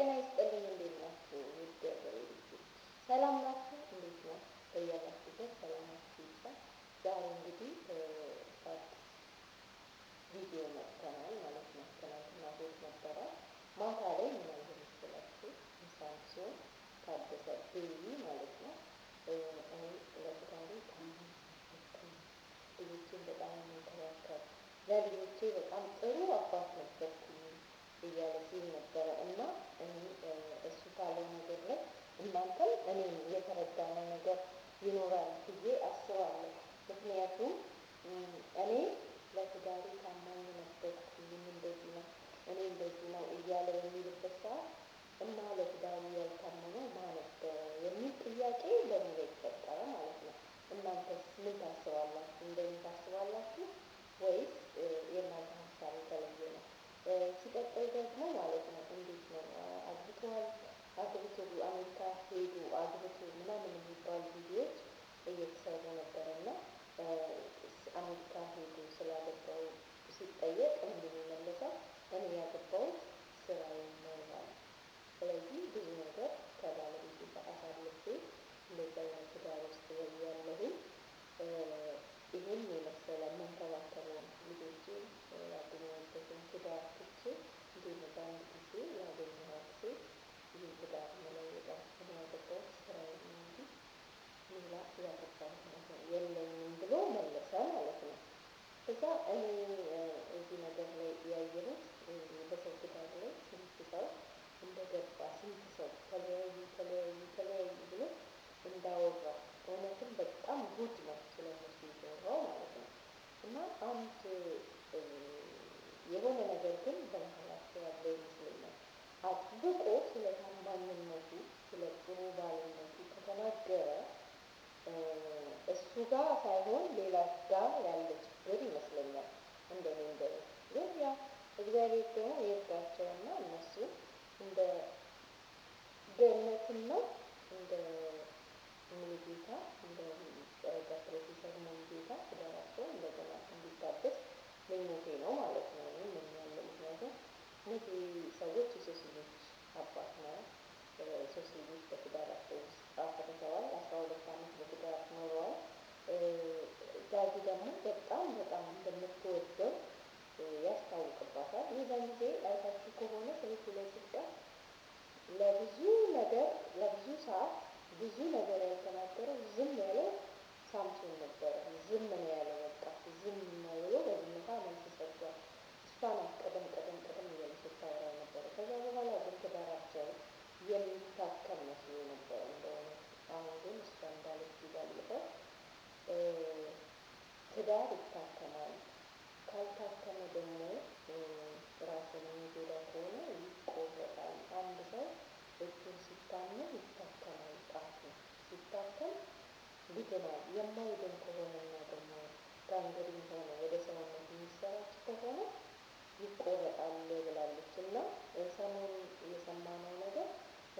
ጤና ይስጥልኝ። እንዴት ናችሁ? ውድ ያገሬ ልጆች ሰላም ናችሁ? እንዴት ነው? በያላችሁበት ሰላማችሁ ይብዛ። ዛሬ እንግዲህ በአዲስ ቪዲዮ መጥተናል ማለት ነው። ትናንትና ቤት ነበረ ማታ ላይ ምናል ምስላችሁ ሲሆን ታደሰ ብይ ማለት ነው። እኔ ለፍቃሪ ልጆችን በጣም የሚንከባከብ ለልጆቼ በጣም ጥሩ አባት ነበርኩኝ እያለ ሲል ነበረ እና እሱ ካለው ነገር ላይ እናንተም እኔም የተረዳነው ነገር ይኖራል ብዬ አስባለሁ። ምክንያቱም እኔ ለትዳሪ ታማኝ ነበርኩ፣ ይህም እንደዚህ ነው፣ እኔ እንደዚህ ነው እያለ የሚልበት ሰዓት እና ለትዳሩ ያልታመነው ማን የሚል ጥያቄ ለምን ይፈጠራል? ጋር ሳይሆን ሌላ ጋ ያለች ችግር ይመስለኛል። እንደኔ እንደኔ ግን ያ እግዚአብሔር ደግሞ የእርዳቸው ይርዳቸውና እነሱ እንደ ነው እንደ ሙሉጌታ እንደ ጸጋ ፕሮፌሰር ሙሉጌታ ትዳራቸው እንደገና እንዲታደስ ምኞቴ ነው ማለት ነው። እኔም የሚያለ ምክንያቱም እነዚህ ሰዎች የሶስት ልጆች አባት ነው። ሶስት ልጆች በትዳር ጤና የማይድን ከሆነና ደግሞ ከእንግዲህ ሆነ ወደ ሰውነት የሚሰራጭ ከሆነ ይቆረጣል ብላለች እና ሰሞኑን የሰማነው ነገር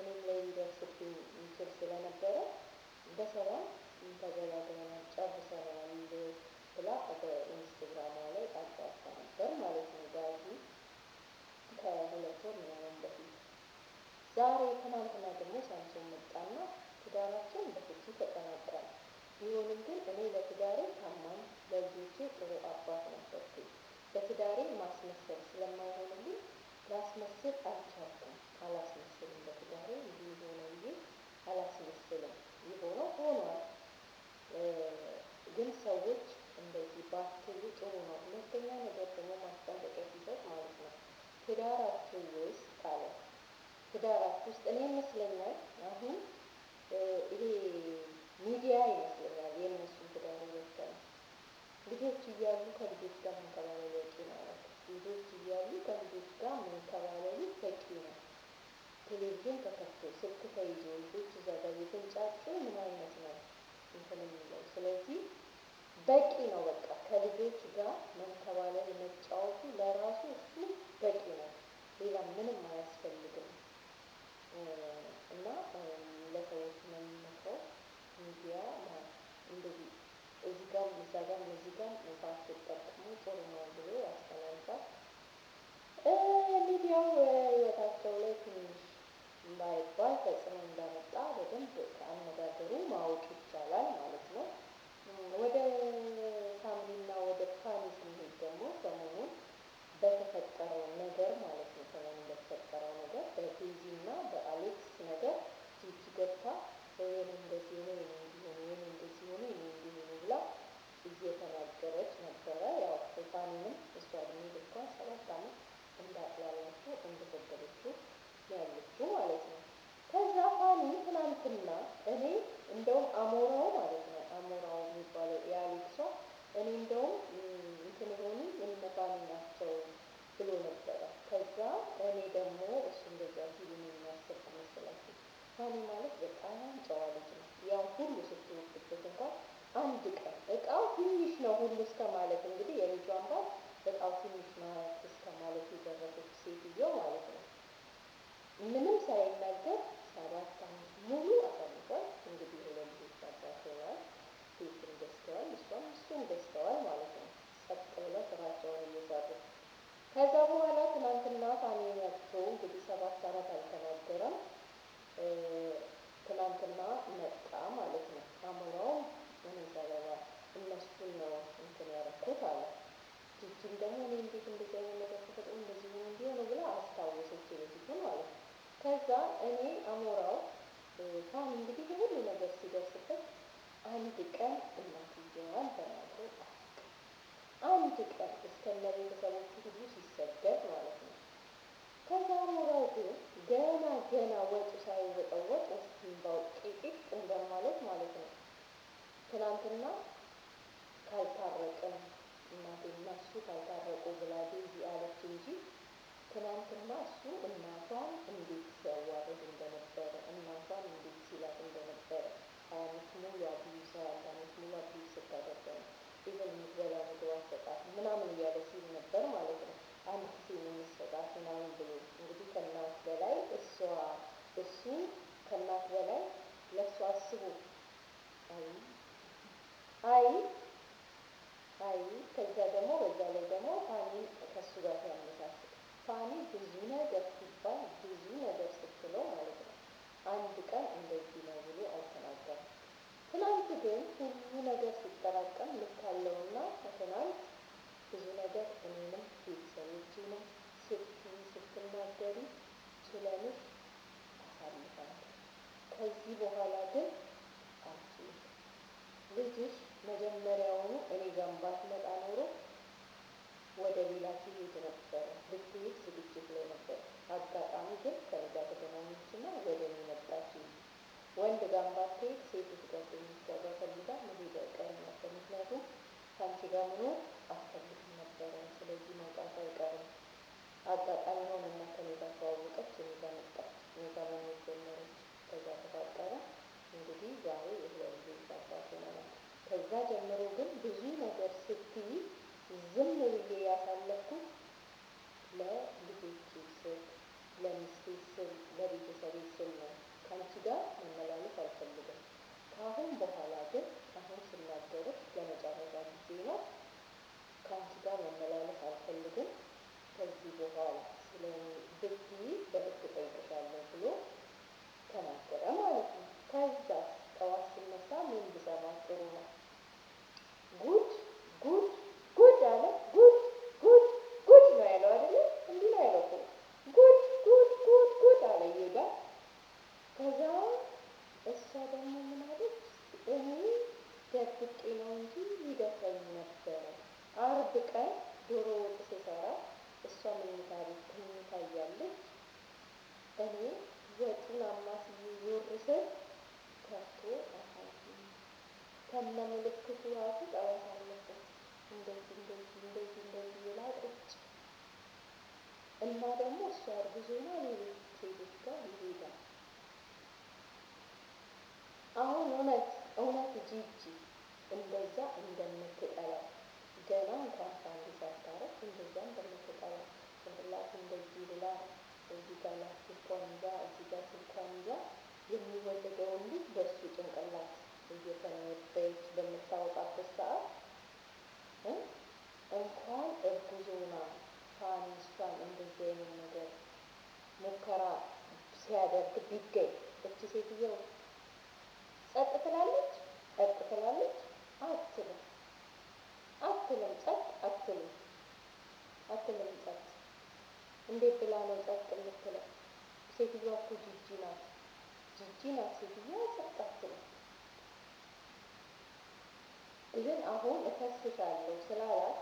እኔም ላይ ሊደርስብኝ ይችል ስለነበረ በሰላም ተገባግበን ጨርሰናል ብላ በኢንስታግራሟ ላይ አጋርታ ነበር ማለት ነው። ዳጊ ከሁለት ወር ምናምን በፊት ዛሬ ትናንትና ደግሞ ሳምሶን መጣና ትዳራችን በፍቺ ውስጥ እኔ ይመስለኛል አሁን ይሄ ሚዲያ ይመስለኛል የእነሱ ትዳር ይወሰነ ልጆች እያሉ ከልጆች ጋር መንከባለል በቂ ነው። ልጆች እያሉ ከልጆች ጋር መንከባለሉ በቂ ነው። ቴሌቪዥን ተከፍቶ ስልክ ተይዞ ልጆች እዛ ጋር የተንጫጩ ምን አይነት ነው እንትን የሚለው ስለዚህ በቂ ነው። በቃ ከልጆች ጋር መንከባለል መጫወት አደርግና እኔ እንደውም አሞራው ማለት ነው አሞራው የሚባለው ያ ሰው እኔ እንደውም እንትን ሆኑ የሚመጣን ናቸው ብሎ ነበረ። ከዛ እኔ ደግሞ እሱ እንደዚያ ሲሉ የሚያስብ መሰላችሁ። ሳኔ ማለት በጣም ጨዋ ልጅ ነው። ያው ሁሉ ስትወስድበት እንኳን አንድ ቀን እቃው ትንሽ ነው ሁሉ እስከ ማለት እንግዲህ የልጇን ባል እቃው ትንሽ ማለት እስከ ማለት የደረሰች ትናንትና ካልታረቀ እናቴና እሱ ካልታረቁ ብላ ዴዚ አለች እንጂ ትናንትና እሱ እናቷን እንዴት ሲያዋርድ እንደነበረ እናቷን እንዴት ሲላት እንደነበረ አያነት ሙሉ አብዩሳ አያነት ሙሉ አብዩ ስታደርገ ነው ኢቨን ምትበላ ምግብ አሰጣት ምናምን እያለ ሲል ነበር ማለት ነው። አንድ ጊዜ ነው ምናምን ብሎ እንግዲህ ከእናት በላይ አይደለም ቤተሰቦቼ ነው ስትናገሪ ችለንሽ አሳልፋል። ከዚህ በኋላ ግን አንቺ ልጅሽ መጀመሪያውኑ እኔ ጋር ባትመጣ ኖሮ ወደ ሌላ ትሄድ ነበረ። ልትሄድ ዝግጅት ላይ ነበር። አጋጣሚ ግን ከእኔ ጋር ተገናኘችና ወደ እኔ መጣች። ወንድ ጋር ባትሄድ ሴት ጋር ፈልጋ መሄድ አይቀርም ነበር። ምክንያቱም ከአንቺ ጋር መኖር ጊዜና ሌሎች ሴቶች ጋር ይሄዳል። አሁን እውነት እውነት ጂጂ እንደዛ እንደምትጠላው ገና እንኳን አንድ ሳታረግ እንደዛ እንደምትጠላው ጭንቅላት እንደዚህ ብላ እዚህ ጋር ላስቲኳን ይዛ እዚህ ጋር ስልኳን ይዛ የሚወለደውን ልጅ በእሱ ቢያደርግ ቢገኝ እቺ ሴትየው ጸጥ ትላለች? ጸጥ ትላለች? አትልም አትልም ጸጥ አትልም አትልም ጸጥ። እንዴት ብላ ነው ጸጥ የምትለው? ሴትዮዋ እኮ ጂጂ ናት፣ ጂጂ ናት ሴትዮዋ። ጸጥ አትልም። ግን አሁን እከስሳለሁ ስላላት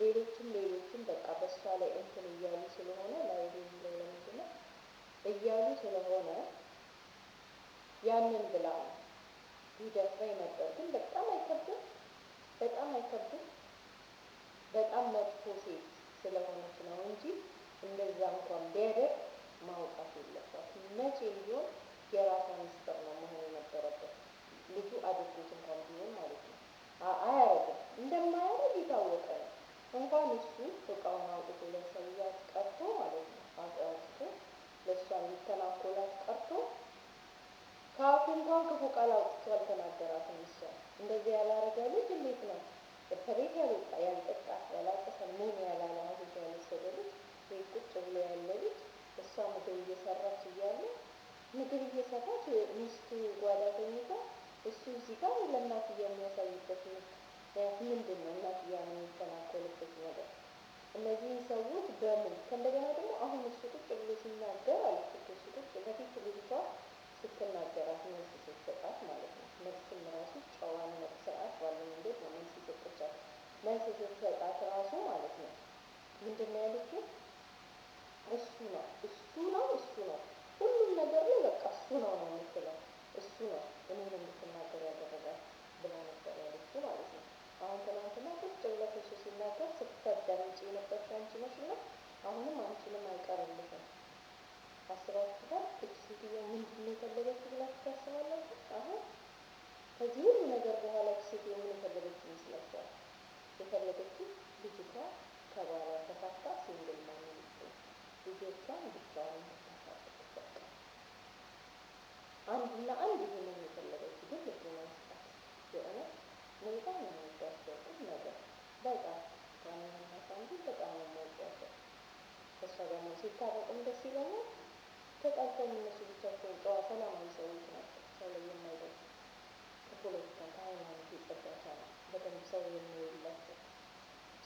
ሌሎችም ሌሎችም በቃ በእሷ ላይ እንትን እያሉ ስለሆነ ላይ ላይ እያሉ ስለሆነ ያንን ብላ ሊደፍረኝ ነበር። ግን በጣም አይከብድም፣ በጣም አይከብድም። በጣም መጥፎ ሴት ስለሆነች ነው እንጂ እንደዛ እንኳን ቢያደርግ ማውጣት የለባት። መቼ ቢሆን የራሷ ምስጢር ነው መሆን የነበረበት። ልጁ አድርጎት እንኳን ቢሆን ማለት ነው። አያረግም፣ እንደማያረግ የታወቀ ነው። እንኳን እሱ እቃውን አውጥቶ ለሰው ቀርቶ ማለት ነው አውጥቶ ለእሷ የሚተናኮላት ቀርቶ ከአፉ እንኳን ክፉ ቃል አውጥቶ ያልተናገራትን እሷ አስተያየት ብንሰጣት ራሱ ማለት ነው ምንድን ነው ያለችው? እሱ ነው እሱ ነው እሱ ነው ሁሉም ነገር ላይ በቃ እሱ ነው ነው የምትለው እሱ ነው እኔን እንድትናገር ያደረጋል ብላ ነበር ያለችው ማለት ነው። አሁን ትናንትና ቁጭ ብለሽ እሱ ሲናገር ስትታዳምጪ የነበርሽ አንቺ ነሽ እና አሁንም አንቺንም አይቀርልሽም። አስባችኋል እች ሴትዮ ምንድን ነው ብላችሁ ታስባላችሁ? አሁን ከዚህ ሁሉ ነገር በኋላ እች ሴትዮ ምን የፈለገች ይመስላችኋል? የፈለገችው ልጅቷ ከባሏ ተፋታ ሲንግል ማንም ልጆቿን ብቻዋን ታሳድግበት አንድና አንድ ይሁን የፈለገች ግን ልቡና ስጣት። የእውነት በጣም ነው ነገር በጣም ከሚሆንታሳንዱ በጣም ነው እሷ ደግሞ ሲታረቅም ደስ ይለኛል። ተጣልተው የሚነሱ ብቻቸውን ጨዋ ሰላማዊ ሰዎች ናቸው። ሰው ላይ የማይደርሱ ፖለቲካ ከሃይማኖት የጸደቀ በደንብ ሰው የሚውላቸው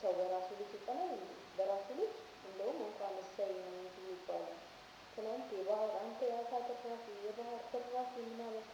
ሰው በራሱ ልጅ ይጠላል። በራሱ ልጅ እንደውም እንኳን እሰይ ነው ይባላል። ትናንት የባህር አንተ የአሳ ተራፊ የባህር ተራፊ ምናምን